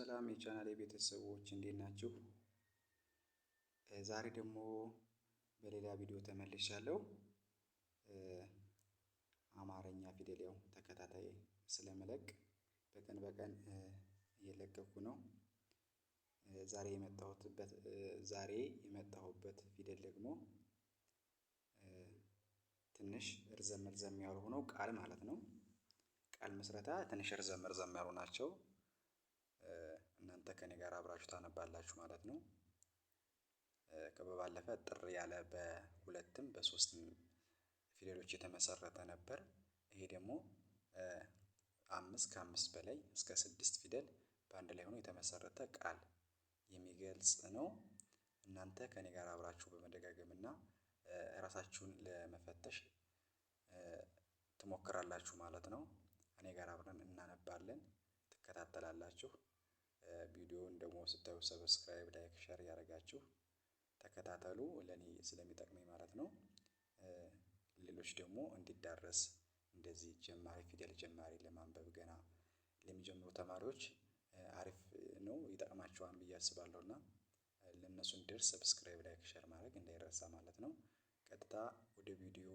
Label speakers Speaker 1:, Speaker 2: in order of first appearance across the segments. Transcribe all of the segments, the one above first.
Speaker 1: ሰላም የቻናል የቤተሰቦች እንዴት ናችሁ? ዛሬ ደግሞ በሌላ ቪዲዮ ተመልሻለሁ። አማርኛ ፊደል ያው ተከታታይ ስለመለቅ በቀን በቀን እየለቀኩ ነው። ዛሬ የመጣሁበት ዛሬ የመጣሁበት ፊደል ደግሞ ትንሽ እርዘም እርዘም ያሉ ሆነው ቃል ማለት ነው። ቃል ምስረታ ትንሽ እርዘም እርዘም ያሉ ናቸው። እናንተ ከኔ ጋር አብራችሁ ታነባላችሁ ማለት ነው። ከባለፈ ጥር ያለ በሁለትም በሶስትም ፊደሎች የተመሰረተ ነበር። ይሄ ደግሞ አምስት ከአምስት በላይ እስከ ስድስት ፊደል በአንድ ላይ ሆኖ የተመሰረተ ቃል የሚገልጽ ነው። እናንተ ከኔ ጋር አብራችሁ በመደጋገም እና ራሳችሁን ለመፈተሽ ትሞክራላችሁ ማለት ነው። እኔ ጋር አብረን እናነባለን፣ ትከታተላላችሁ። ቪዲዮውን ደግሞ ስታዩ ሰብስክራይብ፣ ላይክ፣ ሸር ያደረጋችሁ ተከታተሉ ለእኔ ስለሚጠቅመኝ ማለት ነው። ሌሎች ደግሞ እንዲዳረስ እንደዚህ ጀማሪ ፊደል ጀማሪ ለማንበብ ገና ለሚጀምሩ ተማሪዎች አሪፍ ነው ይጠቅማቸዋል ብዬ አስባለሁ እና ለእነሱ እንዲደርስ ሰብስክራይብ፣ ላይክ፣ ሸር ማድረግ እንዳይረሳ ማለት ነው። ቀጥታ ወደ ቪዲዮ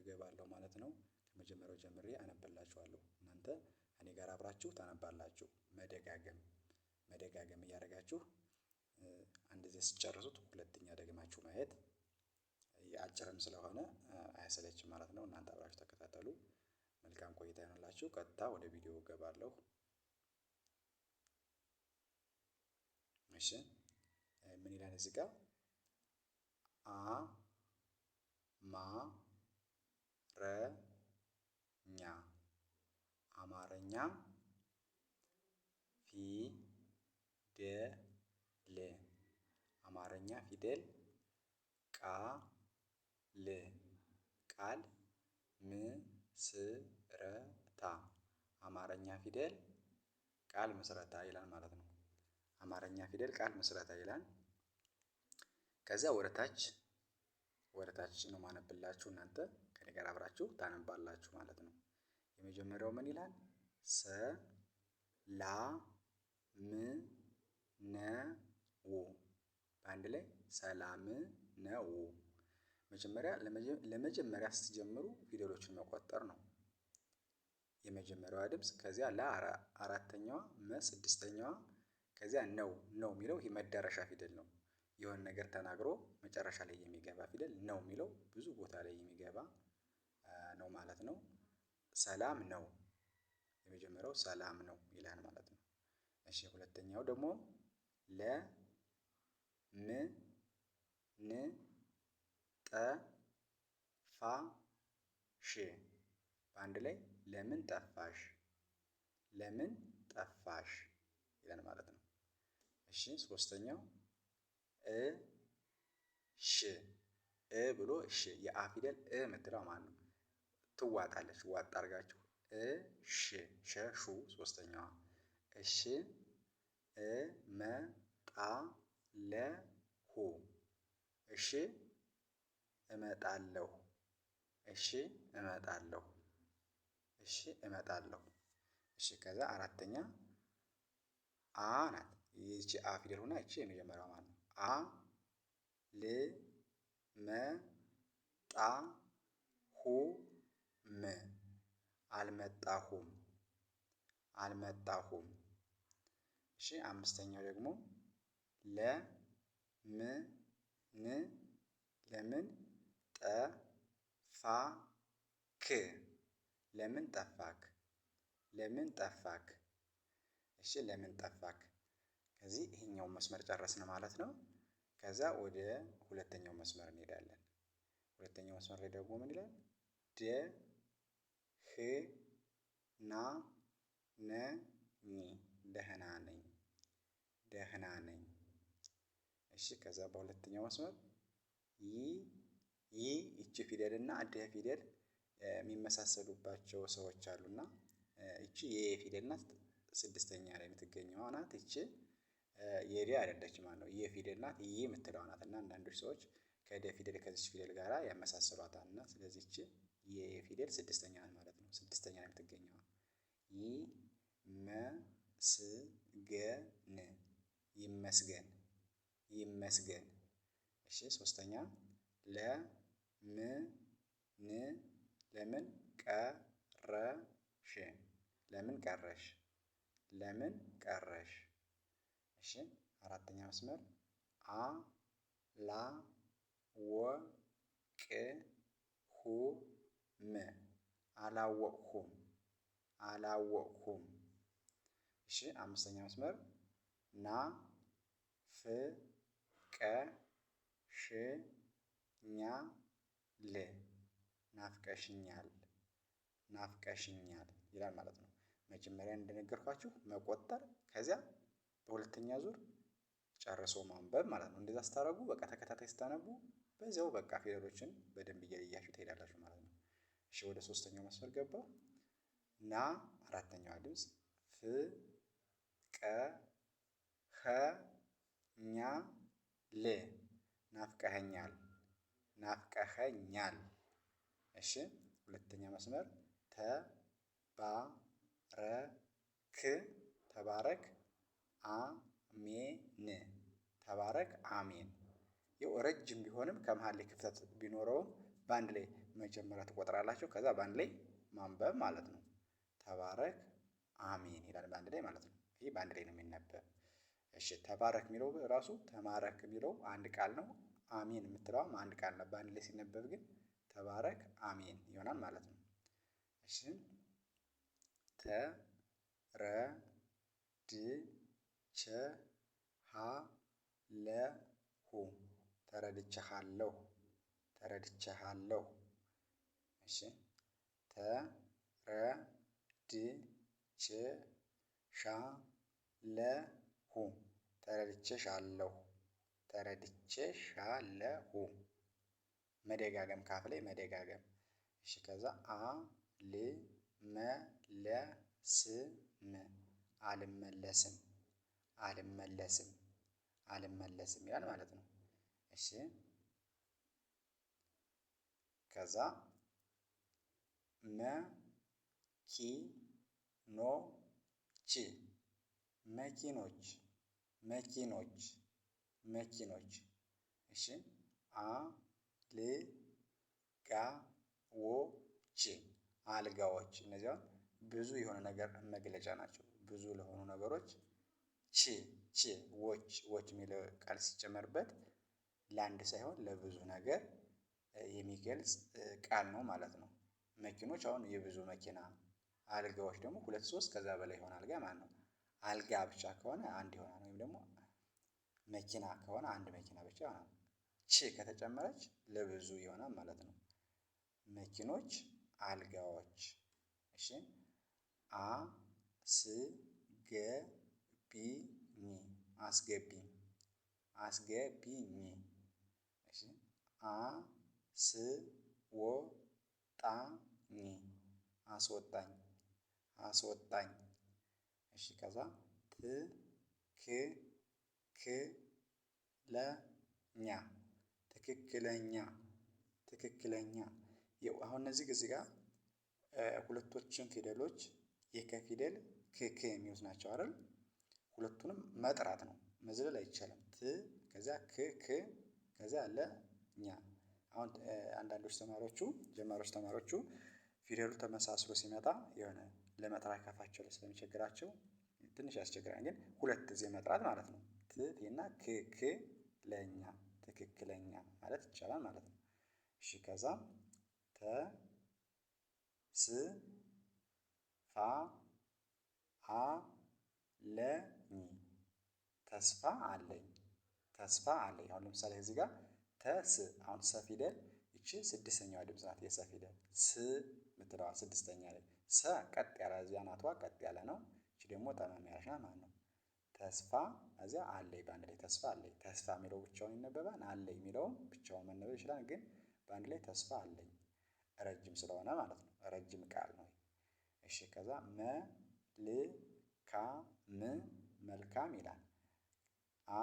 Speaker 1: እገባለሁ ማለት ነው። ከመጀመሪያው ጀምሬ አነብላችኋለሁ እናንተ እኔ ጋር አብራችሁ ታነባላችሁ መደጋገም መደጋገም እያደረጋችሁ አንድ ጊዜ ስጨርሱት ሁለተኛ ደግማችሁ ማየት አጭርም ስለሆነ አያሰለችም ማለት ነው። እናንተ አብራችሁ ተከታተሉ። መልካም ቆይታ ይሆንላችሁ። ቀጥታ ወደ ቪዲዮ እገባለሁ። እሺ ምን ይላል እዚህ ጋር? አ ማ ረ ኛ አማረኛ ፊ ደ አማርኛ ፊደል ቃ ል ቃል ምስረታ አማርኛ ፊደል ቃል ምስረታ ይላል ማለት ነው። አማርኛ ፊደል ቃል ምስረታ ይላል። ከዚያ ወደታች ወደታች ነው ማነብላችሁ እናንተ ከኔ ጋር አብራችሁ ታነባላችሁ ማለት ነው። የመጀመሪያው ምን ይላል? ሰ ላ ም ነው። በአንድ ላይ ሰላም ነው። መጀመሪያ ለመጀመሪያ ስትጀምሩ ፊደሎችን መቆጠር ነው። የመጀመሪያዋ ድምፅ ከዚያ ላ አራተኛዋ፣ መ ስድስተኛዋ፣ ከዚያ ነው ነው የሚለው ይህ መዳረሻ ፊደል ነው። የሆነ ነገር ተናግሮ መጨረሻ ላይ የሚገባ ፊደል ነው የሚለው ብዙ ቦታ ላይ የሚገባ ነው ማለት ነው። ሰላም ነው የመጀመሪያው ሰላም ነው ይላል ማለት ነው። እሺ ሁለተኛው ደግሞ ለ ም ን ጠ ፋ ሽ በአንድ ላይ ለምን ጠፋሽ፣ ለምን ጠፋሽ ይለን ማለት ነው። እሺ ሶስተኛው እ ሽ እ ብሎ እሺ የአ ፊደል እ የምትለው ማለት ነው ትዋጣለች። ዋጣ አድርጋችሁ እ ሽ ሸ ሹ ሶስተኛዋ እሺ እመጣለሁ እሺ እመጣለሁ እሺ እመጣለሁ እሺ እመጣለሁ እሺ ከዛ አራተኛ አ ናት ይቺ አ ፊደል ሆና ይቺ የመጀመሪያው ማለት ነው። አ ል መ ጣ ሁ ም አልመጣሁም አልመጣሁም እሺ አምስተኛው ደግሞ ለ ም ን ለምን ጠፋክ ለምን ጠፋክ ለምን ጠፋክ እሺ ለምን ጠፋክ ከዚህ ይሄኛው መስመር ጨረስን ማለት ነው። ከዛ ወደ ሁለተኛው መስመር እንሄዳለን። ሁለተኛው መስመር ላይ ደግሞ ምን ይላል? ደ ህ ና ነ ኝ ደህና ነኝ ደህና ነኝ። እሺ ከዛ በሁለተኛው መስመር ይ ይ ይቺ ፊደል እና ደ ፊደል የሚመሳሰሉባቸው ሰዎች አሉና ይቺ የ ፊደል ናት። ስድስተኛ ላይ የምትገኘዋ ናት። ይቺ የደ አይደለች ማለት ነው። የ ፊደል ናት። ይ የምትለዋ ናት እና አንዳንዶች ሰዎች ከደ ፊደል ከዚች ፊደል ጋር ያመሳሰሏታል እና ስለዚህ ይቺ የ ፊደል ስድስተኛ ናት ማለት ነው። ስድስተኛ ላይ የምትገኘዋ ይ መ ስ ገ ይመስገን ይመስገን። እሺ ሶስተኛ ለምን ን ለምን ቀረሽ ለምን ቀረሽ ለምን ቀረሽ። እሺ አራተኛ መስመር አ ላ ወ ቅ ሁ ም አላወቅሁም አላወቅሁም። እሺ አምስተኛ መስመር ና ፍ ቀ ሽ ኛ ል ናፍቀሽኛል ናፍቀሽኛል ይላል ማለት ነው። መጀመሪያ እንደነገርኳችሁ መቆጠር ከዚያ በሁለተኛ ዙር ጨርሶ ማንበብ ማለት ነው። እንደዛ ስታረጉ በቃ ተከታታይ ስታነቡ በዚያው በቃ ፊደሎችን በደንብ እያያችሁ ትሄዳላችሁ ማለት ነው። እሺ ወደ ሶስተኛው መስፈር ገባው። ና አራተኛዋ ድምፅ ፍ ቀ ከኛ ል ናፍቀኸኛል ናፍቀኸኛል። እሺ ሁለተኛ መስመር ተባረክ ተባረክ አሜን ተባረክ አሜን። ይው ረጅም ቢሆንም ከመሀል ላይ ክፍተት ቢኖረውም በአንድ ላይ መጀመሪያ ትቆጥራላቸው ከዛ በአንድ ላይ ማንበብ ማለት ነው። ተባረክ አሜን ይላል በአንድ ላይ ማለት ነው። ይህ በአንድ ላይ ነው የሚነበብ። እሺ ተባረክ የሚለው ራሱ ተማረክ የሚለው አንድ ቃል ነው። አሜን የምትለዋም አንድ ቃል ነው። በአንድ ላይ ሲነበብ ግን ተባረክ አሜን ይሆናል ማለት ነው። እሺ ተ ረ ድ ቸ ሀ ለ ሁ ተረድቸሃለሁ ተረድቸሃለሁ። እሺ ተ ረ ድ ቸ ሻ ለ ሁ ተረድቼሻለሁ ተረድቼሻለሁ መደጋገም ካፍ ላይ መደጋገም። እሺ ከዛ አ ል ስ ስም አልመለስም አልመለስም አልመለስም ይላል ማለት ነው። እሺ ከዛ መኪኖች መኪኖች መኪኖች መኪኖች እሺ አ ል ጋ ዎ ች አልጋዎች እነዚያ ብዙ የሆነ ነገር መግለጫ ናቸው። ብዙ ለሆኑ ነገሮች ች ች ዎች ዎች የሚለው ቃል ሲጨመርበት ለአንድ ሳይሆን ለብዙ ነገር የሚገልጽ ቃል ነው ማለት ነው። መኪኖች አሁን የብዙ መኪና አልጋዎች ደግሞ ሁለት ሶስት ከዛ በላይ የሆነ አልጋ ማለት ነው። አልጋ ብቻ ከሆነ አንድ ይሆናል። ወይም ደግሞ መኪና ከሆነ አንድ መኪና ብቻ ይሆናል። ች ከተጨመረች ለብዙ ይሆናል ማለት ነው። መኪኖች፣ አልጋዎች። እሺ አ ስ ገ ቢ ኝ አስገቢ ኝ እሺ አ ስ ወ ጣ ኝ አስወጣኝ አስወጣኝ እሺ ከዛ ት ክ ክ ለ ኛ ትክክለኛ ትክክለኛ አሁን እነዚህ ጊዜ ጋር ሁለቶችን ፊደሎች የከ ፊደል ክክ የሚሉት ናቸው አይደል? ሁለቱንም መጥራት ነው መዝለል አይቻልም። ት ከዚያ ክ ክ ከዚያ ለ ኛ። አሁን አንዳንዶች ተማሪዎቹ ጀማሪዎች ተማሪዎቹ ፊደሉ ተመሳስሎ ሲመጣ የሆነ ለመጥራት ከፋቸው ስለሚቸግራቸው ትንሽ ያስቸግራል። ግን ሁለት ጊዜ መጥራት ማለት ነው። ትና ክክለኛ ትክክለኛ ማለት ይቻላል ማለት ነው። እሺ ከዛ ተ ስ ፋ አ ለ ኝ ተስፋ አለኝ ተስፋ አለኝ። አሁን ለምሳሌ እዚህ ጋር ተስ አሁን ሰ ፊደል እቺ ስድስተኛዋ ድምፅ ናት። የሰ ፊደል ስ ምትለዋ ስድስተኛ ላይ ሰ ቀጥ ያለ እዚያ ናቷ ቀጥ ያለ ነው። እቺ ደግሞ ጠመም ያለች ናት ማለት ነው። ተስፋ እዚያ አለይ በአንድ ላይ ተስፋ አለይ። ተስፋ የሚለው ብቻውን ይነበባል። አለይ የሚለውም ብቻውን መነበብ ይችላል። ግን በአንድ ላይ ተስፋ አለኝ ረጅም ስለሆነ ማለት ነው። ረጅም ቃል ነው። እሺ ከዛ ም መልካም ይላል።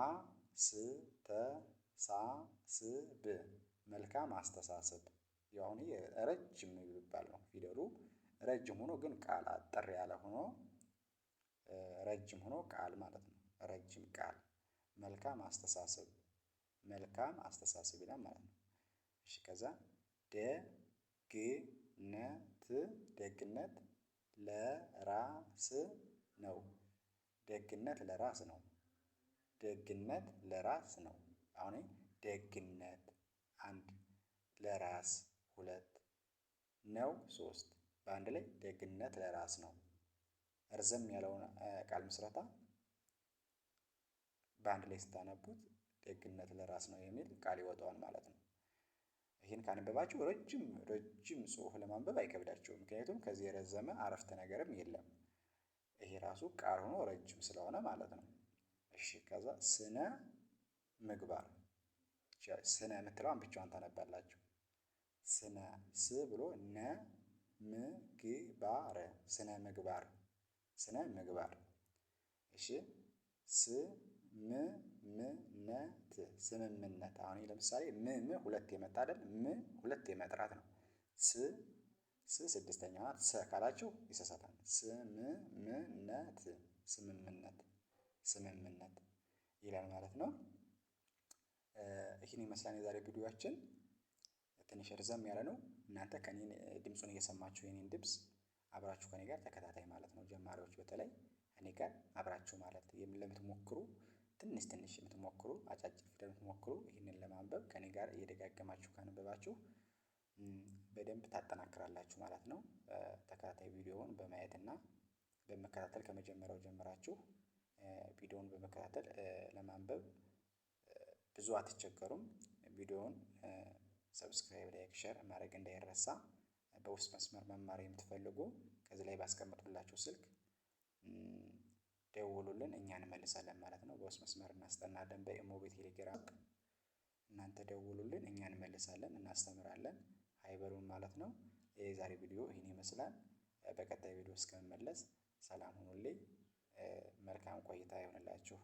Speaker 1: አስተሳስብ መልካም አስተሳሰብ ያሁን ረጅም የሚባል ነው ፊደሉ ረጅም ሆኖ ግን ቃል አጠር ያለ ሆኖ ረጅም ሆኖ ቃል ማለት ነው። ረጅም ቃል መልካም አስተሳሰብ መልካም አስተሳሰብ ይላል ማለት ነው። እሺ ከዛ ደግነት ደግነት ለራስ ነው። ደግነት ለራስ ነው። ደግነት ለራስ ነው። አሁን ደግነት አንድ ለራስ ሁለት ነው ሶስት በአንድ ላይ ደግነት ለራስ ነው። እርዘም ያለውን ቃል ምስረታ በአንድ ላይ ስታነቡት ደግነት ለራስ ነው የሚል ቃል ይወጣዋል ማለት ነው። ይህን ካነበባችሁ ረጅም ረጅም ጽሑፍ ለማንበብ አይከብዳቸውም። ምክንያቱም ከዚህ የረዘመ አረፍተ ነገርም የለም። ይሄ ራሱ ቃል ሆኖ ረጅም ስለሆነ ማለት ነው። እሺ ከዛ ስነ ምግባር ስነ የምትለዋን ብቻዋን ታነባላችሁ። ስነ ስ ብሎ ነ ምግባር ስነ ምግባር ስነ ምግባር። እሺ ስምምነት ስምምነት። አሁን ለምሳሌ ም ም ሁለት የመጣ አይደል? ም ሁለት የመጥራት ነው። ስ ስ ስድስተኛ ናት። ሰ ካላችሁ ይሳሳታል። ስምምነት ስምምነት ስምምነት ይላል ማለት ነው። ይህን ይመስላል የዛሬ ቪዲዮያችን። ትንሽ ርዘም ያለ ነው። እናንተ ከኔን ድምፁን እየሰማችሁ የኔን ድምፅ አብራችሁ ከኔ ጋር ተከታታይ ማለት ነው። ጀማሪዎች በተለይ እኔ ጋር አብራችሁ ማለት ለምትሞክሩ ትንሽ ትንሽ የምትሞክሩ አጫጭር ፊደል የምትሞክሩ ይህንን ለማንበብ ከኔ ጋር እየደጋገማችሁ ካነበባችሁ በደንብ ታጠናክራላችሁ ማለት ነው። ተከታታይ ቪዲዮውን በማየት እና በመከታተል ከመጀመሪያው ጀምራችሁ ቪዲዮውን በመከታተል ለማንበብ ብዙ አትቸገሩም። ቪዲዮውን ሰብስክራይብ፣ ላይክ፣ ሸር ማድረግ እንዳይረሳ። በውስጥ መስመር መማር የምትፈልጉ ከዚህ ላይ ባስቀመጥኩላችሁ ስልክ ደውሉልን፣ እኛ እንመልሳለን ማለት ነው። በውስጥ መስመር እናስጠናለን፣ በኢሞ በቴሌግራም እናንተ ደውሉልን፣ እኛ እንመልሳለን፣ እናስተምራለን። ሀይበሉን ማለት ነው። የዛሬ ቪዲዮ ይህን ይመስላል። በቀጣይ ቪዲዮ እስከምመለስ ሰላም ሁኑልኝ። መልካም ቆይታ ይሆንላችሁ።